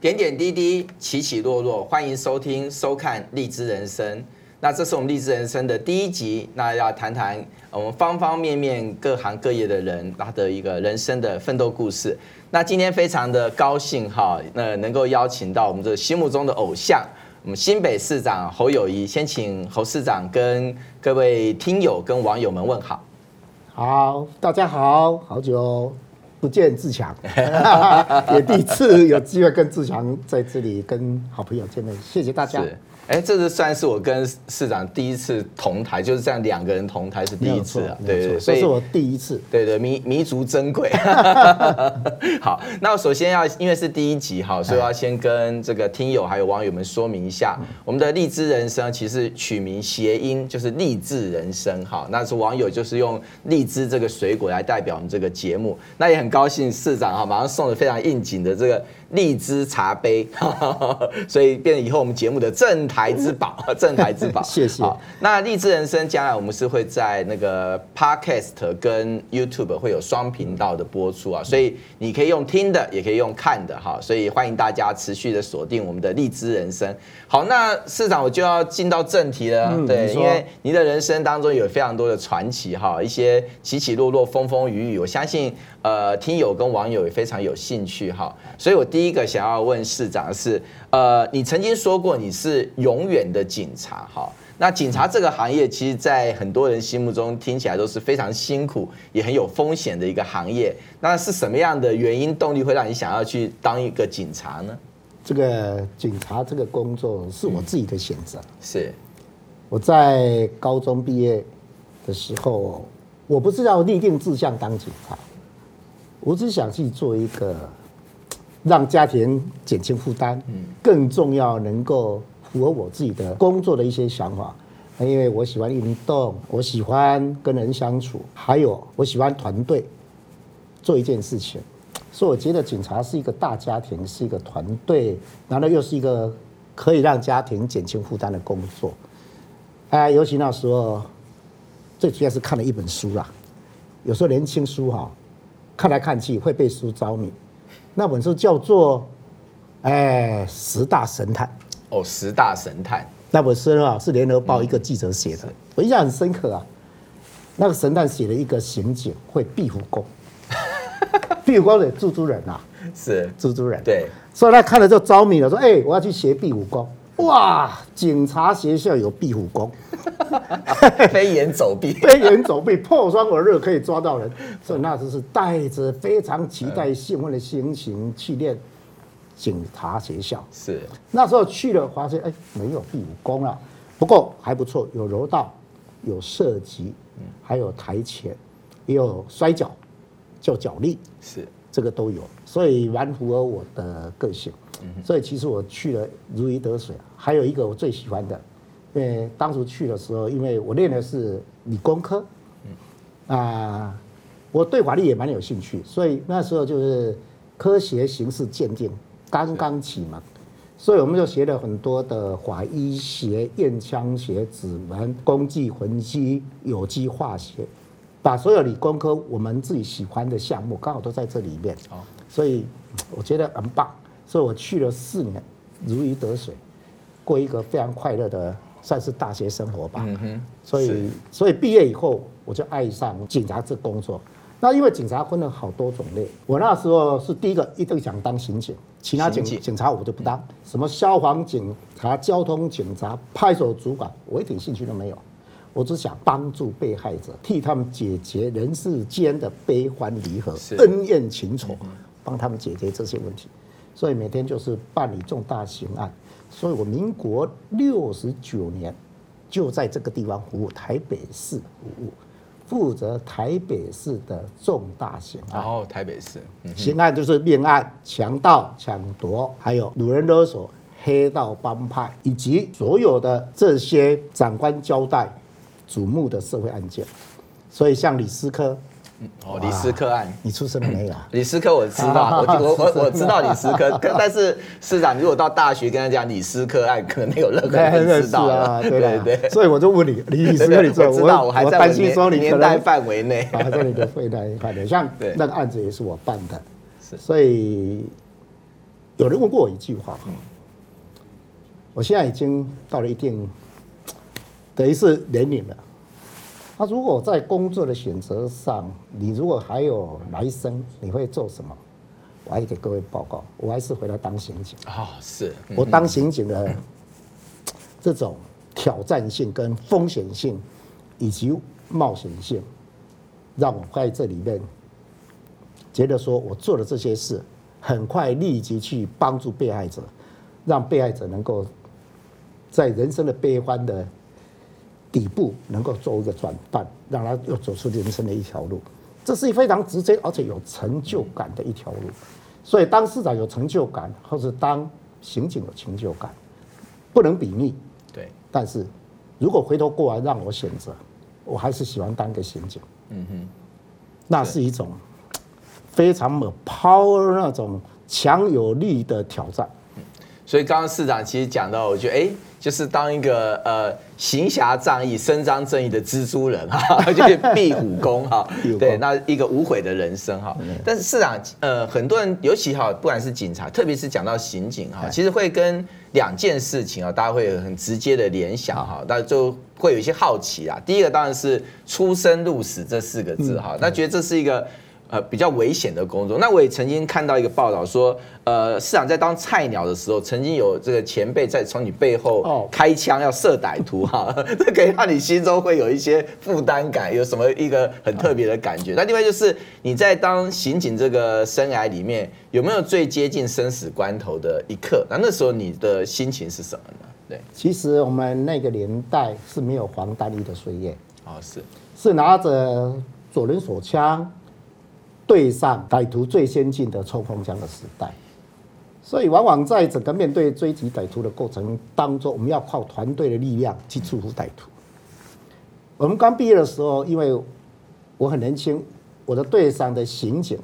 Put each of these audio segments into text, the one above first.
點點滴滴，起起落落。歡迎收聽、收看《荔枝人生》。那這是我們《荔枝人生》的第一集。那要談談我們方方面面、各行各業的人他的一個人生的奮鬥故事。那今天非常的高興哈，那能夠邀請到我們的心目中的偶像，我們新北市長侯友宜。先請侯市長跟各位聽友、跟網友們問好。好，大家好，好久哦。不見自強， 也第一次有機會跟自強在這裡跟好朋友見面，謝謝大家。哎，這是、個、算是我跟市長第一次同台，就是這樣兩個人同台是第一次啊，對對，所以這是我第一次，對對，彌彌足珍貴。 好，那首先要因為是第一集哈，所以我要先跟這個聽友還有網友們說明一下，嗯、我們的荔枝人生其實取名諧音就是勵志人生哈，那是網友就是用荔枝這個水果來代表我們這個節目，那也很高興市長哈馬上送了非常應景的這個荔枝茶杯，所以變成以後我們節目的正台台之寶， 正台之寶，謝謝。那荔枝人生將來我們是會在那個 Podcast 跟 YouTube 會有雙頻道的播出啊，所以你可以用聽的，也可以用看的哈，所以歡迎大家持續的鎖定我們的荔枝人生。好，那市長我就要進到正題了，對，因為你的人生當中有非常多的傳奇哈，一些起起落落、風風雨雨，我相信。呃，聽友跟網友也非常有興趣哈，所以我第一個想要問市長的是，呃，你曾經說過你是永遠的警察哈。那警察這個行業，其實，在很多人心目中聽起來都是非常辛苦，也很有風險的一個行業。那是什麼樣的原因動力會讓你想要去當一個警察呢？這個警察這個工作是我自己的選擇。嗯，是。我在高中畢業的時候，我不是要立定志向當警察。我只想去做一個，讓家庭減輕負擔，更重要能夠符合我自己的工作的一些想法，因為我喜歡運動，我喜歡跟人相處，還有我喜歡團隊做一件事情。所以我覺得警察是一個大家庭，是一個團隊，然後又是一個可以讓家庭減輕負擔的工作。哎，尤其那時候，最主要是看了一本書啦、啊。有時候年輕書哈。看來看去會被書着迷，那本書叫做哎，《十大神探》哦，《十大神探》哦、神探那本書啊是聯合報一個記者寫的，我印象很深刻啊。那個神探寫了一個刑警會壁虎功，壁虎 功的蜘蛛人啊，是蜘蛛人，對，所以他看了就着迷了，說：“哎、欸，我要去學壁虎功。”哇！警察學校有壁虎功，飛檐 走壁，飛檐 走壁破窗而入可以抓到人。所以那時是帶着非常期待興奮的心情去練警察學校。是那時候去了，發現哎、欸，沒有壁虎功了，不過還不錯，有柔道，有射擊，還有跆拳，也有摔跤，叫角力，是這個都有，所以蠻符合我的個性。所以其實我去了如魚得水啊。還有一個我最喜歡的，因為當初去的時候，因為我練的是理工科，啊、呃，我對法律也蠻有興趣，所以那時候就是科學刑事鑑定剛剛啟蒙，所以我們就學了很多的法醫學、驗槍學、指紋、工具痕跡、有機化學，把所有理工科我們自己喜歡的項目剛好都在這裡面。哦，所以我覺得很棒。所以我去了四年，如魚得水，過一個非常快樂的，算是大學生活吧。嗯、哼，所以，所以畢業以後，我就愛上警察這工作。那因為警察分了好多種類，我那時候是第一個，一定想當刑警。其他警警，警察我就不當，嗯、哼什麼消防警察、交通警察、派出所主管，我一點興趣都沒有。我只想幫助被害者，替他們解決人世間的悲歡離合、是恩怨情仇，幫、嗯、哼他們解決這些問題。所以每天就是辦理重大刑案，所以我民國六十九年就在這個地方服務，台北市服務，負責台北市的重大刑案。哦，台北市刑案就是命案、強盜、搶奪、還有擄人勒索、黑道幫派，以及所有的這些長官交代矚目的社會案件。所以像李師科。哦，李師科案，你出生沒有？李師科我知道，我我我知道李師科，但是市長如果到大學跟他講李師科案，可能沒有任何人知道啊，對對對，所以我就問你，李師科你做？我知道，我還擔心說你可能年代範圍內，啊，說你的會代範的，內，像那個案子也是我辦的，是，所以有人問過我一句話，我現在已經到了一定等於是年齡了。他如果在工作的選擇上，你如果還有來生，你會做什麼？我還給各位報告，我還是回來當刑警啊、哦！是嗯嗯，我當刑警的這種挑戰性、跟風險性以及冒險性，讓我在這裡面覺得，說我做了這些事，很快立即去幫助被害者，讓被害者能夠在人生的悲歡的。底部能夠做一個轉半，讓他又走出人生的一條路，這是非常直接而且有成就感的一條路。所以當市長有成就感，或是當刑警有成就感，不能比擬。對，但是如果回頭過來讓我選擇，我還是喜歡當個刑警。嗯哼，是那是一種非常有 power 那種強有力的挑戰。所以剛剛市長其實講到，我覺得哎、欸，就是當一個呃行俠仗義、伸張正義的蜘蛛人哈，哈，就是壁虎功哈， 工對，那一個無悔的人生哈。但是市長呃，很多人尤其哈，不管是警察，特別是講到刑警哈，其實會跟兩件事情啊，大家會很直接的聯想哈，大家就會有一些好奇啦。第一個當然是出生入死這四個字哈，那、嗯、覺得這是一個。呃，比較危險的工作。那我也曾經看到一個報道說，呃，市長在當菜鳥的時候，曾經有這個前輩在從你背後開槍要射歹徒哈，oh. 這可以讓你心中會有一些負擔感。有什麼一個很特別的感覺？Oh. 那另外就是你在當刑警這個生涯裡面，有沒有最接近生死關頭的一刻？那那時候你的心情是什麼呢？對，其實我們那個年代是沒有防彈衣的歲月。哦，oh, 是，是拿着左輪手槍。對上歹徒最先進的衝鋒槍的時代，所以往往在整個面對追緝歹徒的過程當中，我們要靠團隊的力量去制服歹徒。我們剛畢業的時候，因為我很年輕，我的隊上的刑警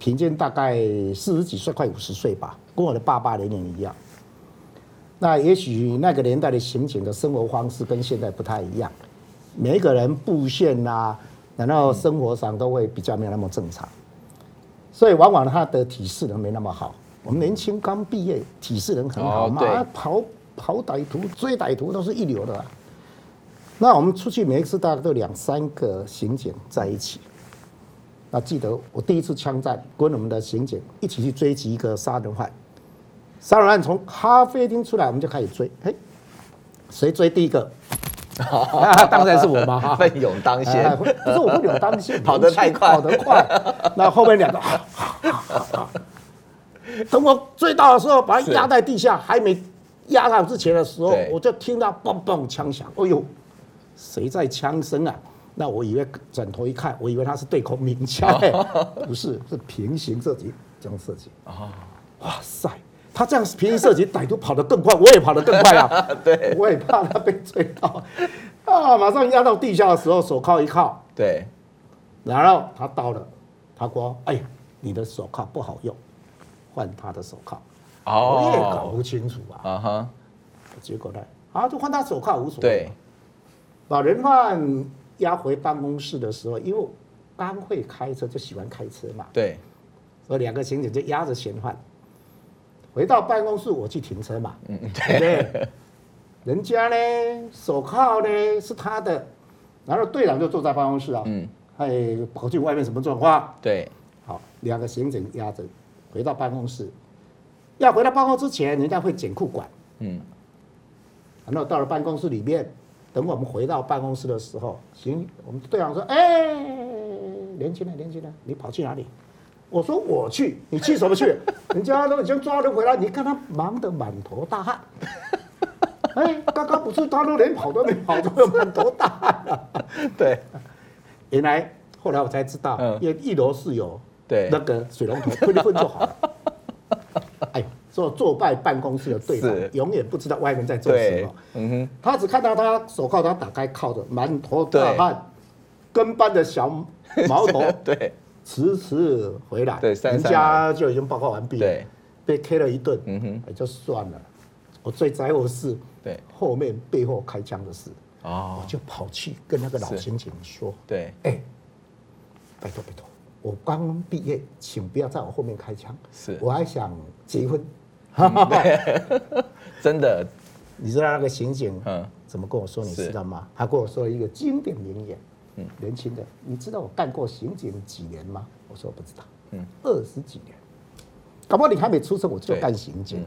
平均大概四十幾歲，快五十歲吧，跟我的爸爸年齡一樣。那也許那個年代的刑警的生活方式跟現在不太一樣，每一個人布線啊。然後生活上都會比較沒有那麼正常，所以往往他的體適能沒那麼好。我們年輕剛畢業，體適能很好嘛、嗯，哦、跑跑歹徒、追歹徒都是一流的、啊。那我們出去每一次大概都兩三個刑警在一起。那記得我第一次槍戰，跟我們的刑警一起去追擊一個殺人犯。殺人案從咖啡廳出來，我們就開始追。哎，誰追第一個？ 啊啊、當然是我媽奮、啊、勇當先。啊啊、不是我奮勇當先，跑得太快，跑得快。 那後面兩個、啊啊啊啊啊，等我最大的時候把他壓在地下，是還沒壓上之前的時候，對我就聽到嘣嘣槍響。哎呦，誰在槍聲啊？那我以為轉頭一看，我以為他是對空鳴槍。 不是，是平行射擊，這樣射擊。啊， 哇塞！他這樣平易近人， 歹徒跑得更快，我也跑得更快啊！ 對我也怕他被追到啊！馬上押到地下的時候，手銬一銬，對。然後他到了，他說：“哎，你的手銬不好用，換他的手銬。”哦，我也搞不清楚啊！啊哈、uh，huh、結果呢？啊，就換他手銬無所謂。對，把人犯押回辦公室的時候，因為剛會開車就喜歡開車嘛。對。所以兩個刑警就押着嫌犯。回到辦公室，我去停車嘛，嗯，對。人家呢，手銬呢是他的，然後隊長就坐在辦公室啊，嗯，哎，跑去外面什麼狀況？對，好，兩個刑警押着回到辦公室，要回到辦公室之前，人家會檢庫管，嗯，然後到了辦公室裡面，等我們回到辦公室的時候，行，我們隊長說，哎，年輕人啊，年輕人啊，你跑去哪裡？我說我去，你去什麼去？人家都已經抓了回來，你看他忙得滿頭大汗。哎，剛剛不是他都連跑都沒跑，就滿頭大汗了。對，原來後來我才知道，因為一樓是有那個水龍頭，噴一噴就好了。哎，坐坐辦公室的隊長，永遠不知道外面在做什麼。嗯哼，他只看到他手銬，他打開銬着，滿頭大汗，跟班的小毛頭。對。遲遲回來，人家就已經報告完畢了，被 K 了一頓，也就算了。我最在乎的是後面背後開槍的事，我就跑去跟那個老刑警說，對，哎，拜託拜託，我剛畢業，請不要在我後面開槍，是，我還想結婚，真的，你知道那個刑警怎麼跟我說，你知道嗎？他跟我說一個經典名言。年輕的，你知道我幹過刑警幾年嗎？我說我不知道。嗯，二十幾年，搞不好你還沒出生，我就幹刑警。嗯、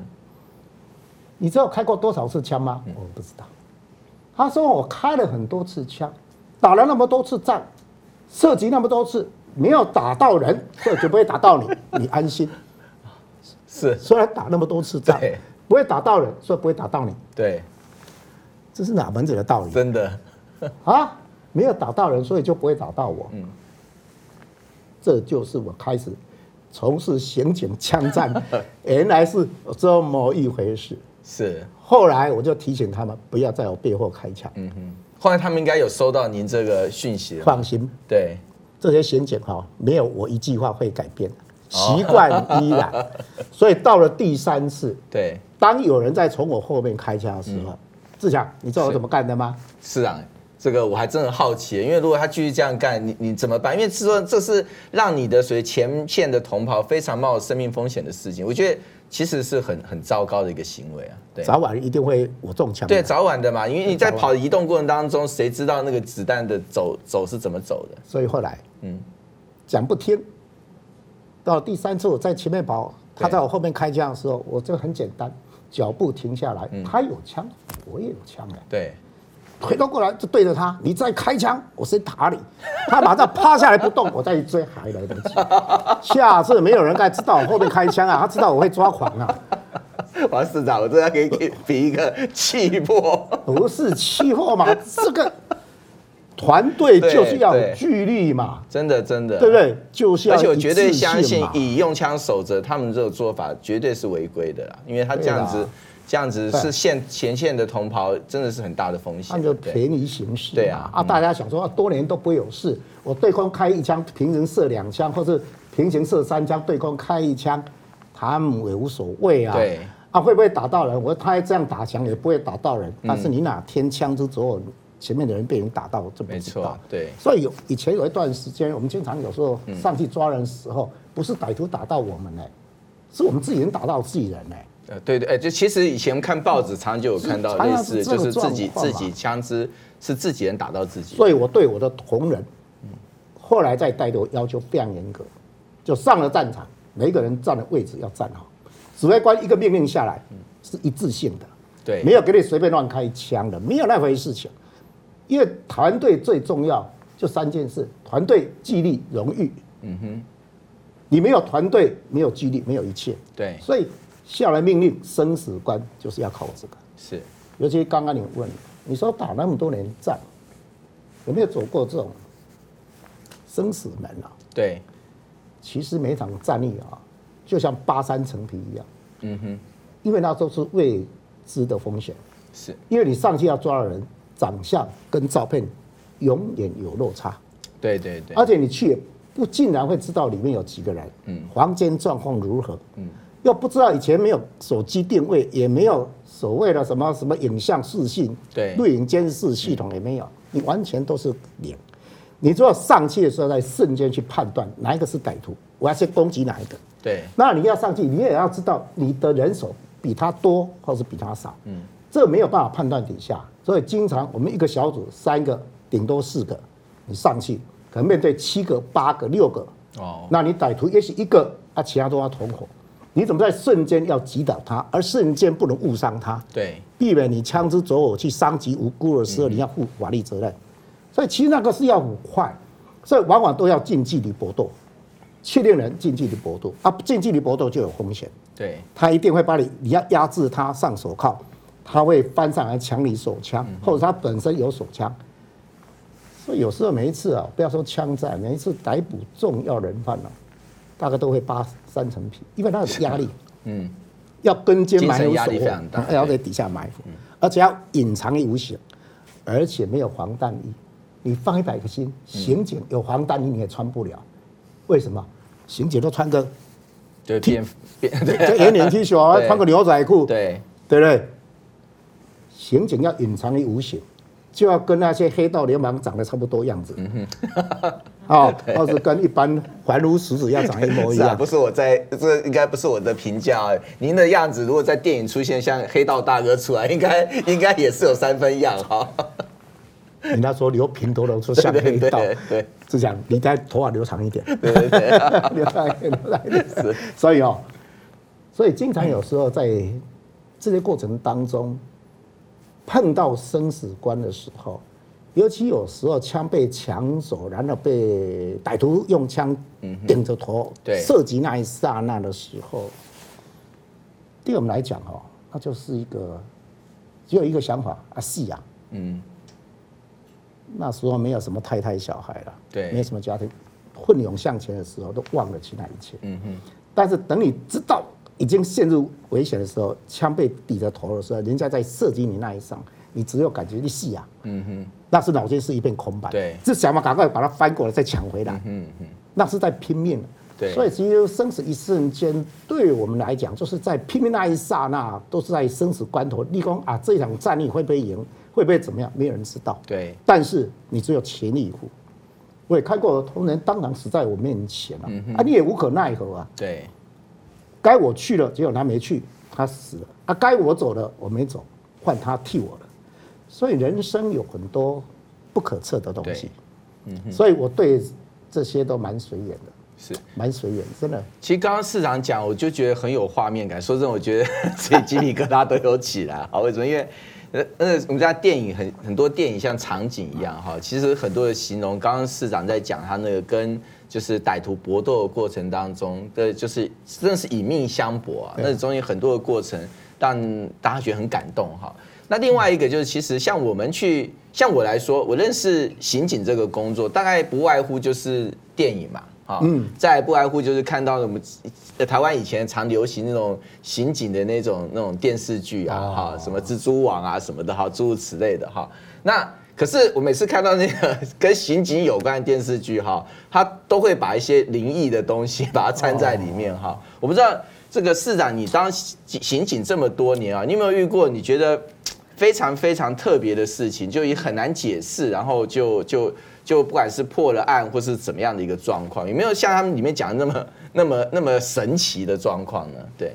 你知道我開過多少次槍嗎？嗯、我不知道。他說我開了很多次槍，打了那麼多次仗，涉及那麼多次，沒有打到人，所以就不會打到你， 你安心。是，雖然打那麼多次仗，對不會打到人，所以不會打到你。對，這是哪門子的道理？真的啊？沒有打到人，所以就不會打到我。嗯，這就是我開始從事刑警槍戰， 原來是這麼一回事。是，後來我就提醒他們不要在我背後開槍。嗯哼，後來他們應該有收到您這個訊息。放心，對這些刑警哈，沒有我一句話會改變，習慣依然。哦、 所以到了第三次，對，當有人在從我後面開槍的時候，嗯、志強，你知道我怎麼幹的嗎？是啊。這個我還真的很好奇，因為如果他繼續這樣幹，你你怎麼辦？因為是說這是讓你的，所以前線的同袍非常冒生命風險的事情，我覺得其實是很很糟糕的一個行為啊。對，早晚一定會我中槍。對，早晚的嘛，因為你在跑移動過程當中，誰知道那個子彈的走走是怎麼走的？所以後來，嗯，講不聽，到第三次我在前面跑，他在我後面開槍的時候，我這個很簡單，腳步停下來，他有槍，我也有槍了。對。回頭過來就對着他，你再開槍，我先打你。他馬上趴下來不動，我再去追還來得及。 下次沒有人敢知道我後面開槍啊，他知道我會抓狂啊。王市長，我這要給你比一個氣魄， 不是氣魄嘛？這個團隊就是要距離嘛，真的真的、啊，對不對？就是要而且我絕對相信，以用槍守着他們這種做法絕對是違規的啦，因為他這樣子。這樣子是現前線的同袍，真的是很大的風險。對那就便宜行事，啊。對啊，啊，嗯、大家想說，啊，多年都不會有事。我對空開一槍，平行射兩槍，或是平行射三槍，對空開一槍，他們也無所謂啊。對。啊，會不會打到人？我說他這樣打槍也不會打到人，嗯、但是你哪天槍支走，前面的人被人打到，這沒錯。對。所以有以前有一段時間，我們經常有時候上去抓人的時候，嗯、不是歹徒打到我們呢、欸，是我們自己人打到的自己人呢、欸。呃，對對，哎，就其實以前看報紙，常常就有看到類似，嗯、常常是就是自己自己槍支是自己人打到自己。所以，我對我的同仁，後來在帶隊，我要求非常嚴格，就上了戰場，每一個人站的位置要站好，指揮官一個命令下來，是一致性的，對，沒有給你隨便亂開槍的，沒有那回事情，因為團隊最重要，就三件事：團隊、紀律、榮譽。嗯哼，你沒有團隊，沒有紀律，沒有一切。對，所以。下來命令，生死關就是要靠我自己。是，尤其剛剛你問，你說打那麼多年戰，有沒有走過這種生死門啊？對，其實每場戰役啊，就像扒三層皮一樣。嗯哼。因為那都是未知的風險。是。因為你上去要抓的人，長相跟照片永遠有落差。對對對。而且你去，不盡然會知道裡面有幾個人？嗯。房間狀況如何？嗯。又不知道以前沒有手機定位，也沒有所謂的什麼什麼影像視訊，對，錄影監視系統也沒有，嗯、你完全都是眼。你做上去的時候，在瞬間去判斷哪一個是歹徒，我要先攻擊哪一個。對。那你要上去，你也要知道你的人手比他多，或是比他少。嗯。這沒有辦法判斷底下，所以經常我們一個小組三個，頂多四個，你上去，可能面對七個、八個、六個。哦。那你歹徒也許一個，啊，其他都要同夥。你怎麼在瞬間要擊倒他，而瞬間不能誤傷他？對，避免你槍支走火去傷及無辜的時候，嗯、哼你要負法律責任。所以其實那個是要很快，所以往往都要近距離搏鬥，確定人近距離搏鬥啊，近距離搏鬥就有風險。對，他一定會把你，你要壓制他上手銬，他會翻上來搶你手槍，或者他本身有手槍。嗯、哼所以有時候每一次啊，不要說槍戰，每一次逮捕重要人犯了、啊大概都會扒三層皮，因為他有壓力，嗯，要跟監埋伏，還、嗯、要在底下埋伏，對而且要隱藏於無形，而且沒有防彈衣，你放一百個心，嗯、刑警有防彈衣你也穿不了，為什麼？刑警都穿個，就 T，變踢就圓領 T 恤啊，對穿個牛仔褲，對，對不對？刑警要隱藏於無形。就要跟那些黑道流氓長得差不多樣子，嗯、哼 哦，或對是跟一般懷如石子要長一模一樣。是啊、不是我在這，應該不是我的評價。您的樣子如果在電影出現，像黑道大哥出來，應該應該也是有三分樣哈。人家說留平頭了，說像黑道，對、對、對、對，是這樣，你再頭髮留長一點，留長一點來， 是所以哦，所以經常有時候在這些過程當中。碰到生死關的時候，尤其有時候槍被搶走，然後被歹徒用槍頂着頭、嗯、對，射擊那一剎那的時候，對我們來講哦、喔，那就是一個只有一個想法啊，是啊！嗯，那時候沒有什麼太太小孩了，對，沒什麼家庭，奮勇向前的時候都忘了其他一切。嗯哼，但是等你知道。已經陷入危險的時候，槍被抵着頭的時候，人家在射擊你那一上，你只有感覺你死啊，嗯哼，那是腦筋是一片空白，對，是想法趕快把它翻過來再搶回來嗯，嗯哼，那是在拼命，對，所以其實生死一瞬間，對我們來講，就是在拼命那一剎那，都是在生死關頭，你講啊，這場戰役會不會贏，會不會怎麼樣，沒有人知道，對，但是你只有全力以赴。我也看過，同仁當然死在我面前了，啊，嗯、哼啊你也無可奈何啊，對。該我去了，結果他沒去，他死了。啊，該我走了，我沒走，換他替我了。所以人生有很多不可測的東西，嗯，所以我對這些都蠻隨緣的。是蠻隨緣，真的。其實剛剛市長講，我就覺得很有畫面感。說真的，我覺得這雞皮疙瘩都有起來啊？ 為什麼？因為。呃，那我們家電影很很多電影像場景一樣哈，其實很多的形容。剛剛市長在講他那個跟就是歹徒搏鬥的過程當中的，就是真的是以命相搏啊。那中間很多的過程讓大家覺得很感動哈。那另外一個就是，其實像我們去，像我來說，我認識刑警這個工作，大概不外乎就是電影嘛。啊，在、嗯、不外乎就是看到我們台灣以前常流行那種刑警的那種那種電視劇啊，哈，什麼蜘蛛網啊什麼的，哈，諸如此類的哈。那可是我每次看到那個跟刑警有關的電視劇哈，他都會把一些靈異的東西把它摻在裡面哈。我不知道這個市長，你當刑警這麼多年啊，你有沒有遇過你覺得非常非常特別的事情，就也很難解釋，然後就就。就不管是破了案，或是怎麼樣的一個狀況，有沒有像他們裡面講的那麼、那麼、那麼神奇的狀況呢？對。